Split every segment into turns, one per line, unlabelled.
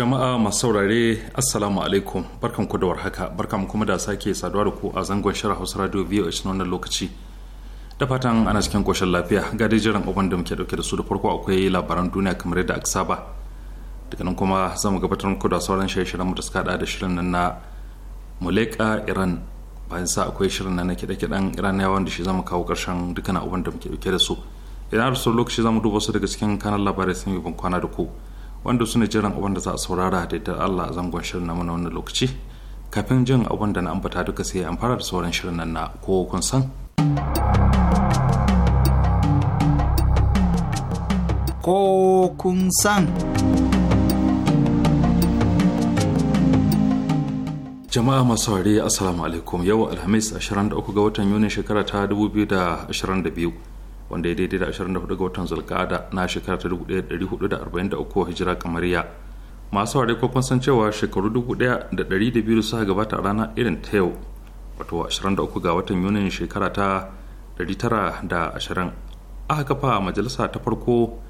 jama'a masu saurare assalamu alaikum barkan ku da warhaka barkan kuma da sake saduwa da ku a zangon shirin hausa radio voh na wannan lokaci da fatan ana cikin koshin lafiya ga dai jiran abin da muke dauke da su da farko akwai labaran duniya kamar yadda aka saba daga nan kuma za mu gabatar muku da sauran shirye-shiryen mu da suka da shirin nan na muleka iran bayan sa akwai shirin nan na kiɗe na yawan da shi zamu kawo ƙarshen dukkan abin da muke dauke da su idan har sun lokaci za mu duba su daga cikin kanan labarai sun yi ban kwana da ku wanda su ne jiran abin da za a saurara da ta Allah a zangon shirin na mana wannan lokaci kafin jin abin da na ambata duka sai an fara da sauran shirin nan na ko kun san. Ko kun san. Jama'a masu saurari Assalamu alaikum yau Alhamis 23 ga watan Yuni shekara ta 2022 wanda ya daidai da 24 ga watan zulkada na shekara ta 1443 hijira kamariya masu ware ko kun san cewa shekaru 1200 suka gabata a rana irin ta yau wato 23 ga watan yunin shekara ta 920 aka kafa majalisa ta farko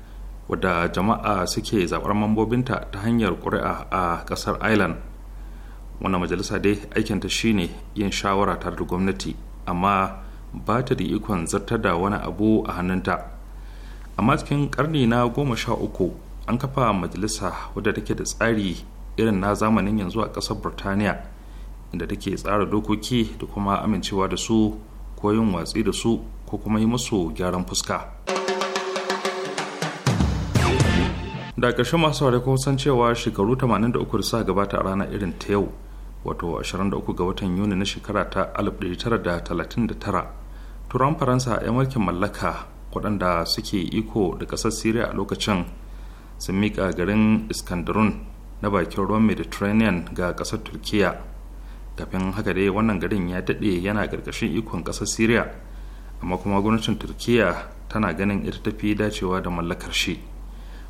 wadda jama'a suke zaɓar mambobinta ta hanyar ƙuri'a a ƙasar ireland wannan majalisa dai aikinta shine yin shawara tare da gwamnati amma ba ta da ikon zartar da wani abu a hannunta amma cikin karni na goma sha uku an kafa majalisa wadda take da tsari irin na zamanin yanzu a ƙasar burtaniya inda take tsara dokoki da kuma amincewa da su ko yin watsi da su ko kuma yi musu gyaran fuska da ƙarshe masu ware kuma san cewa shekaru 83 da sa gabata a rana irin ta yau wato 23 ga watan yuni na shekara ta 1939 turan faransa ya mulkin mallaka waɗanda suke iko da ƙasar syria a lokacin sun mika garin iskandarun na bakin ruwan mediterranean ga ƙasar turkiya kafin haka dai wannan garin ya daɗe yana ƙarƙashin ikon ƙasar syria amma kuma gwamnatin turkiya tana ganin ita tafi dacewa da mallakar shi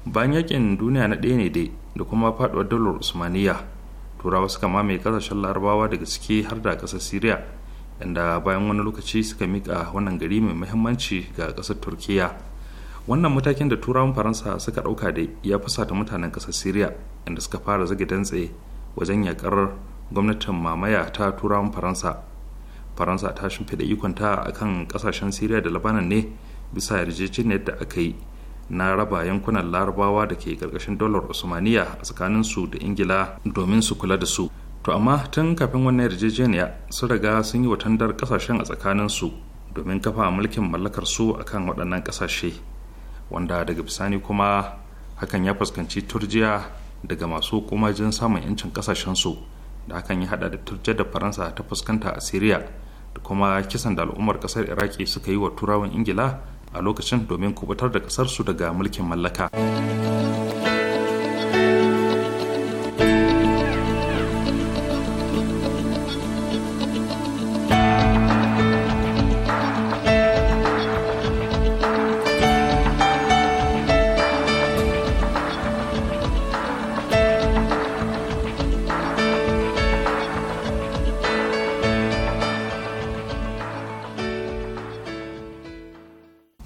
bayan yakin duniya na ɗaya ne dai da kuma faɗuwar dalar usmaniya turawa suka mamaye ƙasashen larabawa daga ciki har da ƙasar syria inda bayan wani lokaci suka mika wannan gari mai muhimmanci ga ƙasar turkiya wannan matakin da turawan faransa suka ɗauka da ya fusata mutanen ƙasar syria inda suka fara zage dantse wajen yakar gwamnatin mamaya ta turawan faransa faransa ta shimfiɗa ikonta a kan ƙasashen syria da labanan ne bisa yarjejeniyar da aka yi na raba yankunan larabawa da ke karkashin dolar usmaniya a su da ingila domin su kula da su to amma tun kafin wannan yarjejeniya sun riga sun yi wa tandar kasashen a tsakaninsu domin kafa mulkin mallakar su akan waɗannan kasashe wanda daga bisani kuma hakan ya fuskanci turjiya daga masu kumajin samun yancin su da hakan ya hada da turjiyar da faransa ta fuskanta a syria da kuma kisan da al'ummar kasar iraki suka yi wa turawan ingila a lokacin domin kubutar da ƙasarsu daga mulkin mallaka.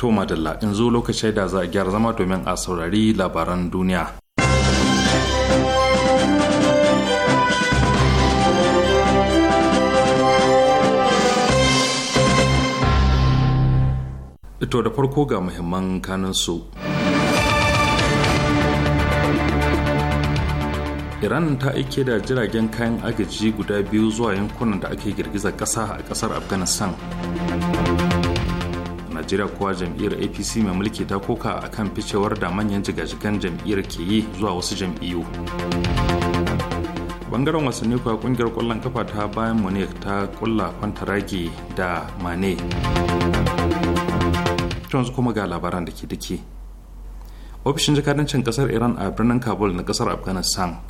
To madalla in zo lokacin da za a gyara zama domin a saurari labaran duniya. ito da farko ga muhimman kanansu. Iran ta ike da jiragen kayan agaji guda biyu zuwa yankunan da ake girgizar ƙasa a ƙasar Afghanistan. najeriya kowa jam'iyyar apc mai mulki ta koka kan ficewar da manyan jigajigan jam'iyyar ke yi zuwa wasu jam'iyyu bangaren wasanni kuwa kungiyar kwallon kafa ta bayan munich ta kulla kwantaragi da mane yanzu kuma ga labaran da ke dake ofishin jakadancin kasar iran a birnin kabul na kasar afghanistan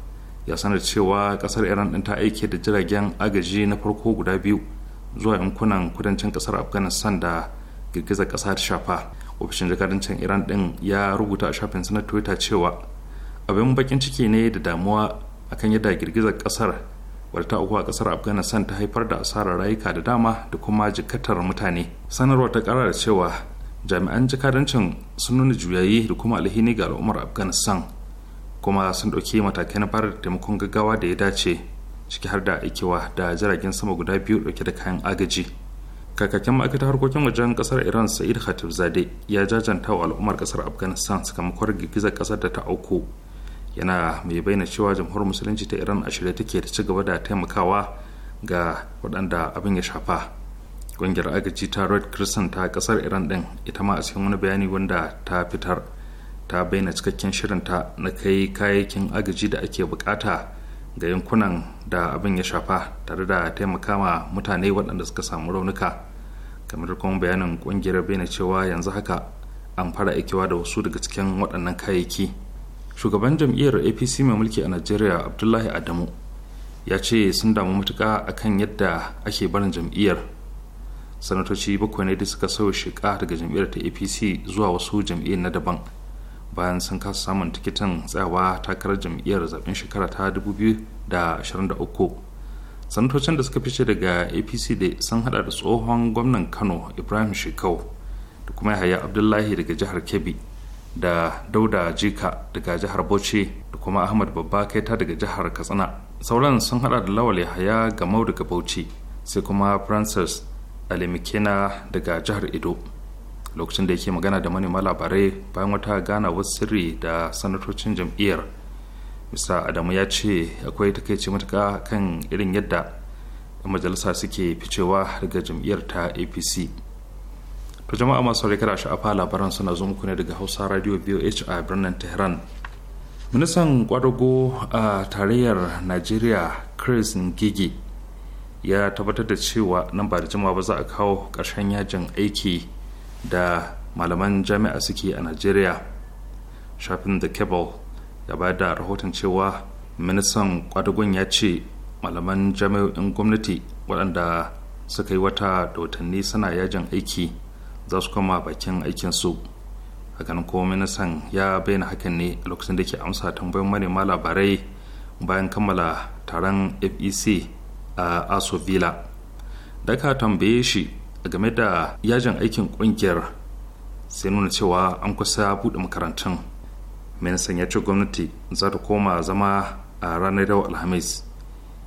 ya sanar cewa kasar iran din ta aike da jiragen agaji na farko guda biyu zuwa yankunan kudancin kasar afghanistan da girgizar ƙasa ta shafa ofishin jakadancin iran din ya rubuta a shafin na twitter cewa abin bakin ciki ne da damuwa akan yadda girgizar kasar wadda ta uku a kasar afghanistan ta haifar da asarar rayuka da dama da kuma jikatar mutane sanarwar ta kara da cewa jami'an jakadancin sun nuna juyayi da kuma alhini ga al'ummar afghanistan kuma sun ɗauki matakai na fara taimakon gaggawa da ya dace ciki har da aikewa da jiragen sama guda biyu ɗauke da kayan agaji kakakin ma'aikatar harkokin wajen kasar iran sa'id zade ya jajanta wa al'ummar kasar afghanistan sakamakon girgizar kasar da ta auku yana mai bayyana cewa jamhuriyar musulunci ta iran a shirye take da ci gaba da taimakawa ga waɗanda abin ya shafa ƙungiyar agaji ta red crescent ta kasar iran din ita ma a cikin wani bayani wanda ta fitar ta bayyana cikakken shirinta na kai kayayyakin agaji da ake bukata ga yankunan da abin ya shafa tare da taimaka mutane waɗanda suka samu raunuka kamar kuma bayanin ƙungiyar bene cewa yanzu haka an fara aikiwa da wasu daga cikin waɗannan kayayyaki shugaban jam'iyyar apc mai mulki a najeriya abdullahi adamu ya ce sun damu matuka akan yadda ake barin jam'iyyar sanatoci bakwai ne da suka sauya shiga daga jam'iyyar ta apc zuwa wasu jam'iyyar na daban bayan sun kasa samun tikitin tsayawa takarar jam'iyyar zaben shekara ta 2023 sanatocin da suka fice daga apc da sun hada da tsohon gwamnan kano ibrahim shekau da kuma yahaya abdullahi daga jihar kebbi da dauda jika daga jihar bauchi da kuma ahmad babba kaita daga jihar katsina sauran sun hada da lawal yahaya gamau daga bauchi sai kuma francis alimikina daga jihar ido lokacin da yake magana da manema labarai bayan wata gana wasu sirri da sanatocin jam'iyyar bisa adamu ya ce akwai takaici matuka kan irin yadda majalisa suke ficewa daga jam'iyyar ta apc ta jama'a masu kada sha'afa labaran suna zo muku ne daga hausa radio voh a birnin tehran ministan kwadago a tarayyar nigeria chris ngigi ya tabbatar da cewa nan ba da jimawa ba za a kawo karshen yajin aiki da malaman jami'a suke a najeriya shafin the cable ya bayar da rahoton cewa ministan kwadagon ya ce malaman jami'o'in gwamnati waɗanda suka yi wata da watanni suna yajin aiki za su koma bakin aikinsu hakanan kuma ministan ya bayyana hakan ne a lokacin da ke amsa tambayin manema labarai bayan kammala taron fec a aso villa da tambaye shi a game da yajin aikin kungiyar sai nuna cewa an kusa buɗe makarantun ministan ya ce gwamnati za ta koma zama a ranar dawa alhamis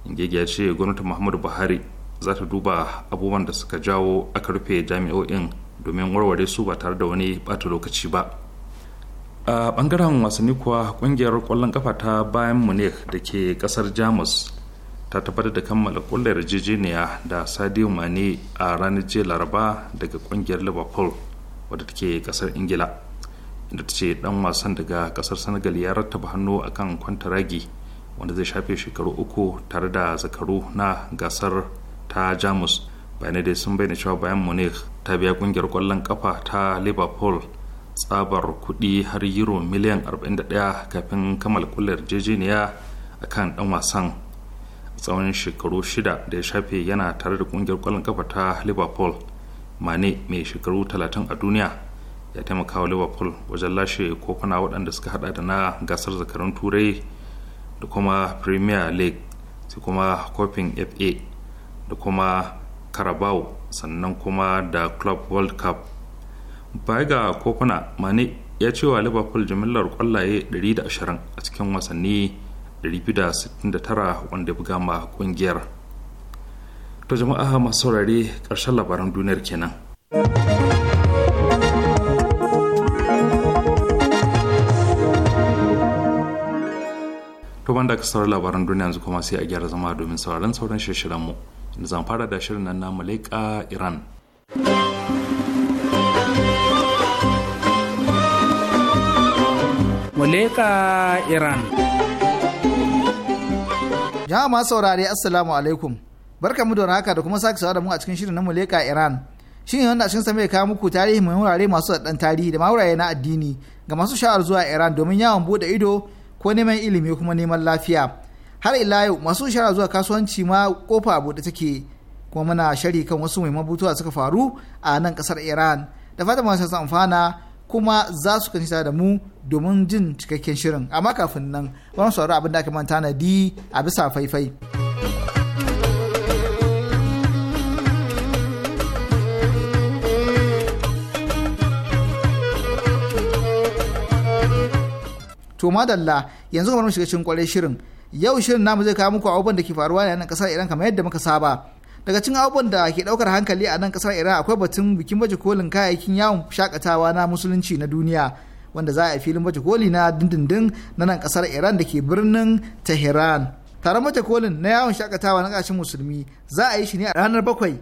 ingege ya ce gwamnatin muhammadu buhari za ta duba abubuwan da suka jawo aka rufe jami'o'in domin warware su ba tare da wani bata lokaci ba a ɓangaren wasanni kuwa ƙungiyar ƙwallon ƙafa ta bayan munich da ke ƙasar jamus ta tabbatar da kammala kulla yarjejeniya da sadio mane a ranar jiya laraba daga kungiyar liverpool wadda take kasar ingila inda ta ce dan wasan daga kasar senegal ya rattaba hannu akan kwantaragi wanda zai shafe shekaru uku tare da zakaru na gasar ta jamus bayanai dai sun bayyana cewa bayan munich ta biya kungiyar kwallon kafa ta liverpool tsabar kudi har euro miliyan 41 kafin kammala kullar a akan dan wasan tsawon shekaru shida da ya shafe yana tare da kungiyar kwallon kafa ta liverpool mane mai shekaru 30 a duniya ya taimaka wa liverpool wajen lashe kofuna waɗanda suka hada da na gasar zakarun turai da kuma premier league sai kuma kofin fa da kuma carabao sannan kuma da club world cup baya ga kofuna mane ya ce wa liverpool jimillar kwallaye 120 a cikin wasanni 269 wanda buga ma kungiyar to jama'a masu saurare ƙarshen labaran duniyar kenan to banda ka sauran labaran duniya yanzu kuma sai a gyara zama domin sauraron sauran shirye-shiryenmu da zan fara da shirin nan na Malaika Iran. Muleka Iran.
jama'a masu saurare assalamu alaikum barka mu da haka da kuma sake sawa da mu a cikin shirin na muleka iran shin yanzu a cikin sa mai kawo muku tarihi mai wurare masu daɗan tarihi da mawuraye na addini ga masu sha'ar zuwa iran domin yawon bude ido ko neman ilimi kuma neman lafiya har ila yau masu sha'ar zuwa kasuwanci ma kofa bude take kuma muna shari kan wasu muhimman butuwa suka faru a nan kasar iran da fatan masu amfana kuma za su kanci da mu domin jin cikakken shirin amma kafin nan wani saurari abin da aka manta na di a bisa faifai. to madalla yanzu kamar mu shiga cikin kwarai shirin yau shirin namu zai kawo muku abubuwan da ke faruwa ne a nan kasar Iran kamar yadda muka saba daga cikin abubuwan da ke daukar hankali a nan kasar Iran akwai batun bikin baje kolin kayayyakin yawon shakatawa na musulunci na duniya wanda za a yi filin baje koli na dindindin na nan kasar iran da ke birnin tehran taron baje kolin na yawon shakatawa na kashin musulmi za a yi shi ne a ranar bakwai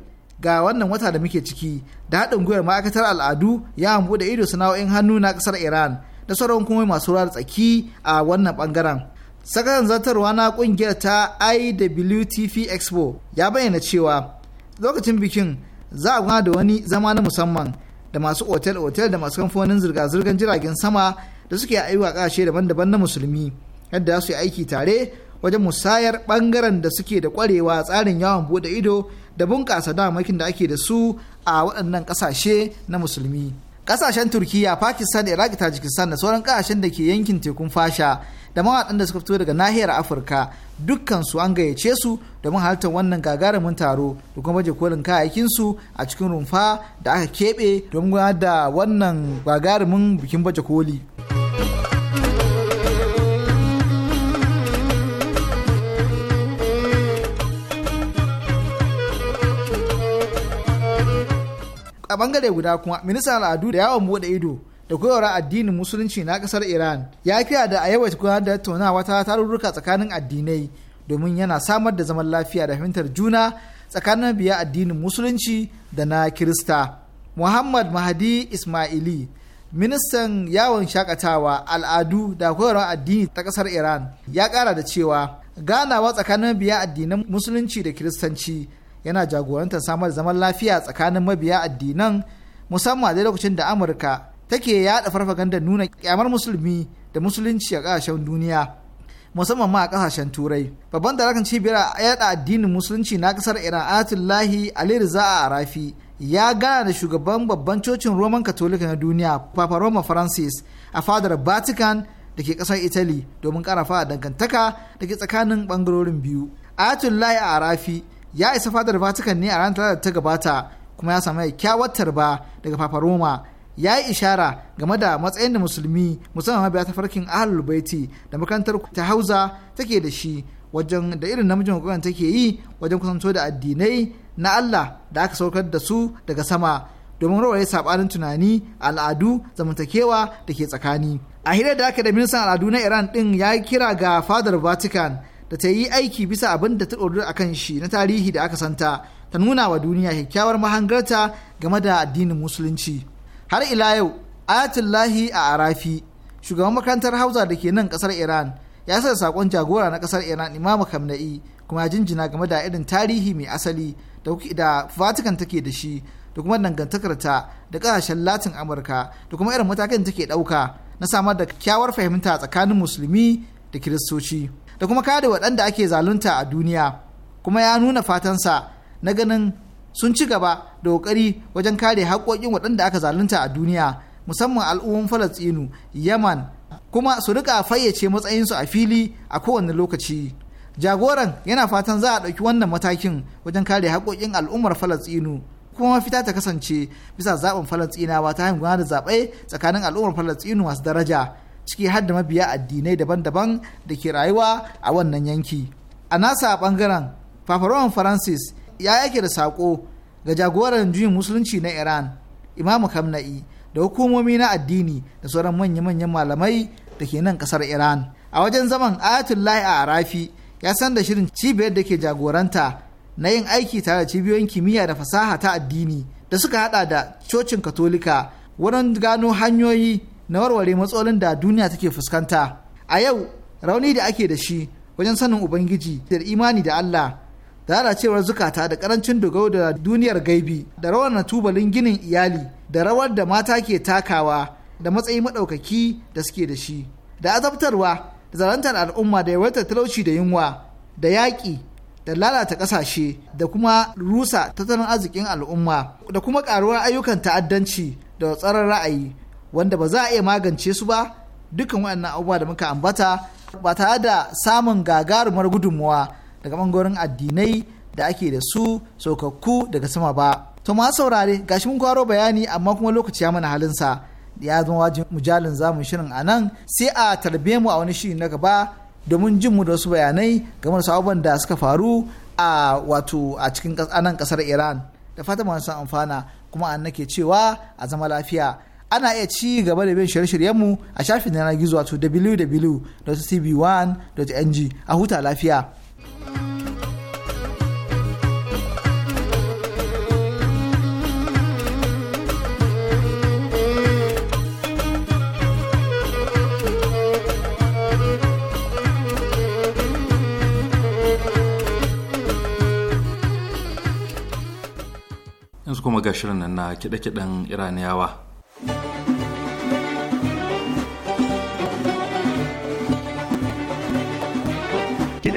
ga wannan wata da muke ciki da haɗin gwiwar ma'aikatar al'adu ya hambu da ido sana'o'in hannu na kasar iran da sauran kuma masu ruwa tsaki a wannan bangaren sakatan zartarwa na kungiyar ta iwtf expo ya bayyana cewa lokacin bikin za a da wani zama na musamman da masu otel-otel da masu kamfanin zirga-zirgar jiragen sama da suke a kashe daban-daban na musulmi yadda su yi aiki tare wajen musayar bangaren da suke da kwarewa tsarin yawon bude ido da bunƙasa damakin da ake da su a waɗannan ƙasashe na musulmi. kasashen turkiya pakistan iraq tajikistan da sauran kasashen da ke yankin tekun fasha da mawaɗan da suka fito daga nahiyar afirka dukkansu an gayyace su domin halartar wannan gagarumin taro da kuma baje kolin su a cikin rumfa da aka keɓe domin gudanar da wannan gagarumin bikin baje koli. a bangare guda kuma ministan al'adu da yawon bude ido da koyarwa addinin musulunci na kasar iran ya kira da a yawaita gudanar da tattaunawa ta tarurruka tsakanin addinai domin yana samar da zaman lafiya da fahimtar juna tsakanin biya addinin musulunci da na kirista muhammad mahadi ismaili ministan yawon shakatawa al'adu da koyarwa addini ta kasar iran ya kara da cewa ganawa tsakanin biya addinan musulunci da kiristanci yana jagorantar samar zaman lafiya tsakanin mabiya addinan musamman a lokacin da amurka take yada farfaganda nuna kyamar musulmi da musulunci a kasashen duniya musamman ma a kasashen turai babban darakan cibiyar a yada addinin musulunci na kasar iran ayatullahi ali riza a arafi ya gana da shugaban babban cocin roman katolika na duniya papa roma francis a fadar vatican da ke kasar italy domin karafa dangantaka da ke tsakanin bangarorin biyu ayatullahi a arafi ya isa fadar Vatican ne a ranar talata ta gabata kuma ya samu kyakkyawar tarba daga Papa Roma ya yi ishara game da matsayin da musulmi musamman mabiya ta farkin ahlul baiti da makarantar ta hauza take da shi wajen da irin namijin kokarin take yi wajen kusanto da addinai na Allah da aka saukar da su daga sama domin rawaye sabanin tunani al'adu zamantakewa da ke tsakani a hirar da aka da ministan al'adu na iran din ya kira ga fadar vatican da ta yi aiki bisa abin da ta ɗori a kan shi na tarihi da aka santa ta nuna wa duniya kyakkyawar mahangarta game da addinin musulunci har ila yau ayatullahi a arafi shugaban makarantar hausa da ke nan ƙasar iran ya sa saƙon jagora na kasar iran imamu kamna'i kuma jinjina game da irin tarihi mai asali da vatican take da shi da kuma dangantakar ta da ƙasashen latin amurka da kuma irin matakan take ɗauka na samar da kyakkyawar fahimta tsakanin musulmi da kiristoci da kuma kare waɗanda ake zalunta a duniya kuma ya nuna fatansa na ganin sun ci gaba da ƙoƙari wajen kare haƙoƙin waɗanda aka zalunta a duniya musamman al'ummar falastinu yaman kuma su rika fayyace matsayinsu a fili a kowane lokaci jagoran yana fatan za a ɗauki wannan matakin wajen kare haƙoƙin al'ummar falastinu kuma mafita ta kasance bisa zaɓin falastinawa ta hanyar da zaɓe tsakanin al'ummar falastinu masu daraja ciki har da mabiya addinai daban-daban da ke rayuwa a wannan yanki. A nasa bangaren Papa Francis ya yake da saƙo ga jagoran juyin musulunci na Iran, Imamu Kamna'i da hukumomi na addini da sauran manya-manyan malamai da ke nan ƙasar Iran. A wajen zaman Ayatullahi a Arafi ya san da shirin cibiyar da ke jagoranta na yin aiki tare da cibiyoyin kimiyya da fasaha ta addini da suka hada da cocin katolika wurin gano hanyoyi na warware matsalolin da duniya take fuskanta a yau rauni da ake da shi wajen sanin ubangiji da imani da Allah da lalacewar zukata da karancin dogaro da duniyar gaibi da rawar na tubalin ginin iyali da rawar da mata ke takawa da matsayi maɗaukaki da suke da shi da azabtarwa da zarantar al'umma da yawaitar talauci da yunwa da yaƙi da lalata ƙasashe da kuma rusa tattalin arzikin al'umma da kuma ƙaruwar ayyukan ta'addanci da tsaron ra'ayi wanda ba za a iya magance su ba dukkan waɗannan abubuwa da muka ambata ba tare da samun gagarumar gudunmuwa daga ɓangaren addinai da ake da su saukakku daga sama ba. To ma saurare gashi mun kwaro bayani amma kuma lokaci ya mana sa ya zama wajen mujalin zamun shirin a nan sai a tarbe mu a wani shiri na gaba domin jin mu da wasu bayanai game da sababan da suka faru a wato a cikin anan kasar Iran da fata masu amfana kuma an nake cewa a zama lafiya. ana iya ci gaba da bin shirye-shiryenmu a shafin yanar gizo wato wwwcb 1ng a huta lafiya.
yanzu kuma ga shirin nan na kiɗe-kiɗen iraniyawa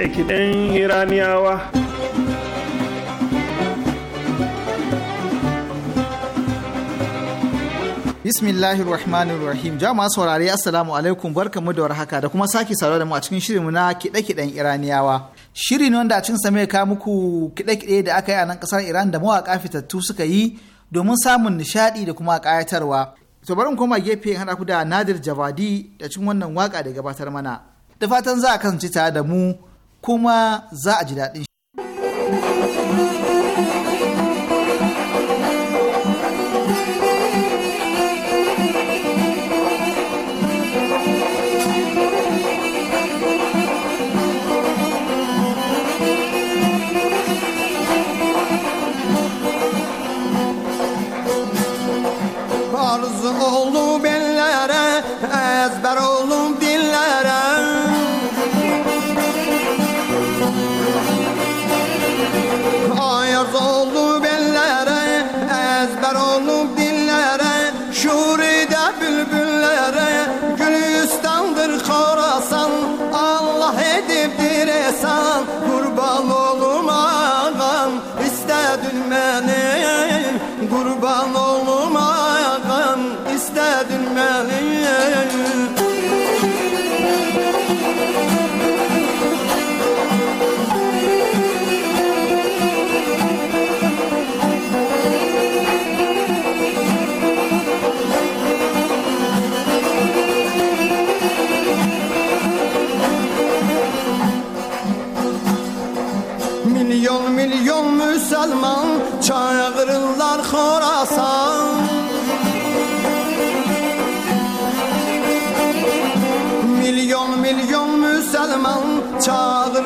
kiɗe-kiɗen iraniyawa
bismillahir rahmanir rahim jama'a saurare assalamu alaikum mu da warhaka da kuma sake saurare da mu a cikin shirinmu na kiɗe-kiɗen iraniyawa shiri ne wanda a cikin mai ka muku kiɗe-kiɗe da aka yi a nan ƙasar iran da mawaƙa fitattu suka yi domin samun nishaɗi da kuma ƙayatarwa to bari koma gefe in haɗa ku da nadir javadi da cikin wannan waƙa da gabatar mana da fatan za a kasance tare da mu kuma za a ji daɗin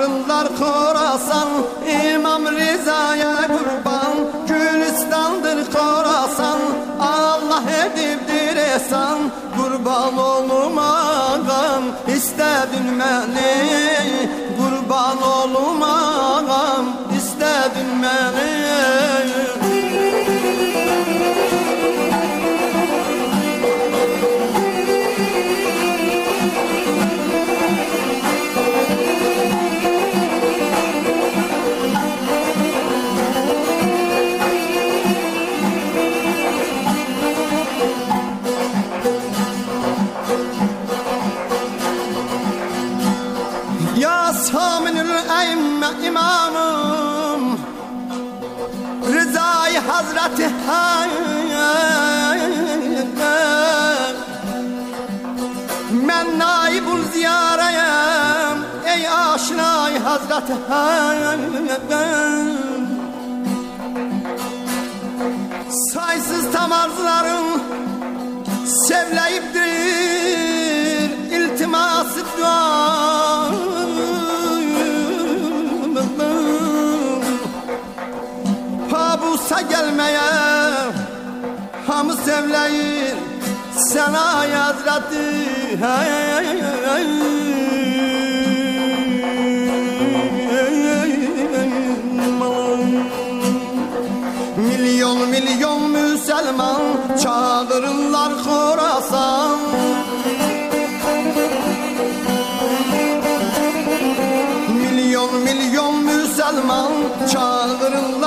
Kadınlar Khorasan gelmeye Hamı sevleyin sana yazratı hey, hey, Milyon milyon Müslüman çağırırlar Khorasan Milyon milyon Müslüman çağırırlar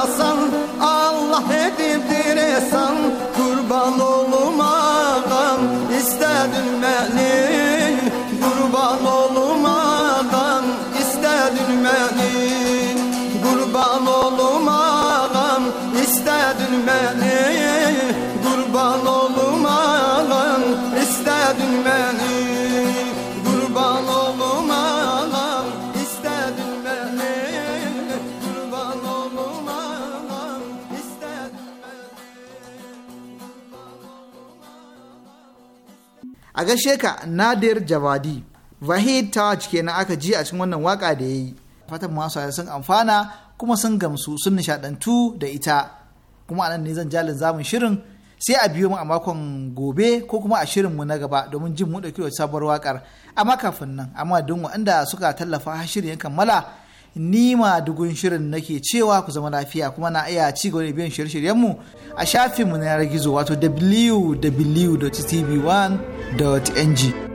yasan Allah edip esan, Kurban olum adam, istedim benim Kurban olum adam, istedim benim Kurban olum adam, istedim benim Kurban olum adam, istedin beni
a gaishe ka nadir javadi vahid taj kenan aka ji a cikin wannan waka da ya yi fatan masu sun amfana kuma sun gamsu sun nishadantu da ita kuma anan ne zan jalin zamun shirin sai a biyo mu a makon gobe ko kuma a shirin mu na gaba domin jin mu dauki sabuwar wakar amma kafin nan amma don waɗanda suka tallafa shirin shirin kammala ni ma dugun shirin nake cewa ku zama lafiya kuma na iya ci gaba da biyan shirye-shiryenmu a shafinmu na yanar gizo wato www.tv1.ng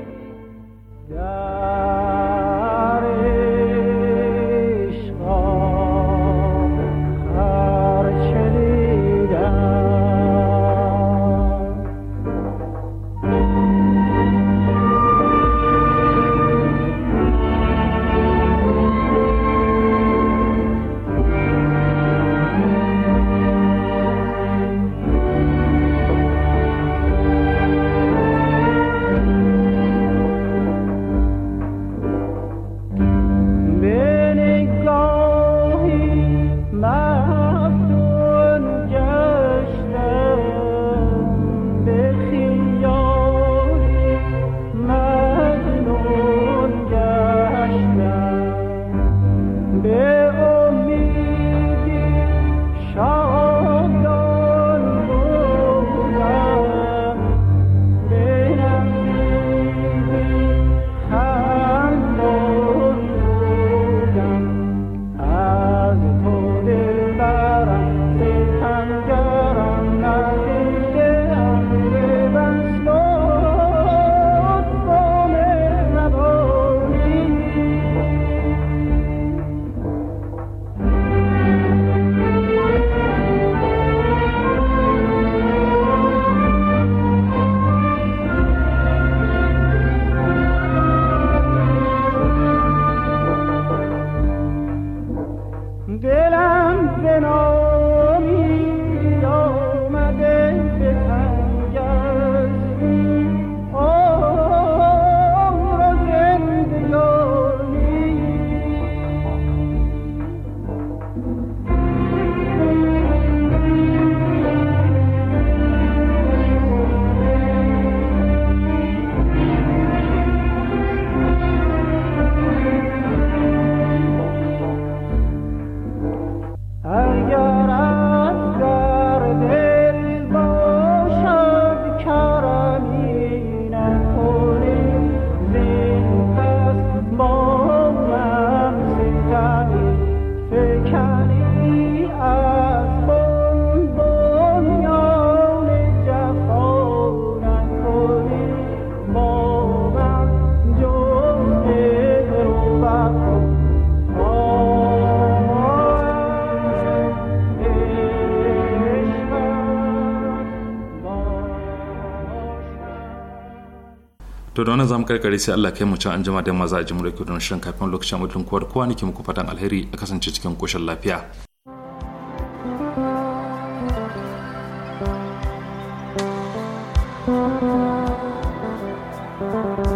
da wannan zamu karkare sai Allah kai mu can anjima da maza a jimu da don shirin kafin lokacin mutum kowar kowa nake muku fatan alheri a kasance cikin koshin lafiya.
thank you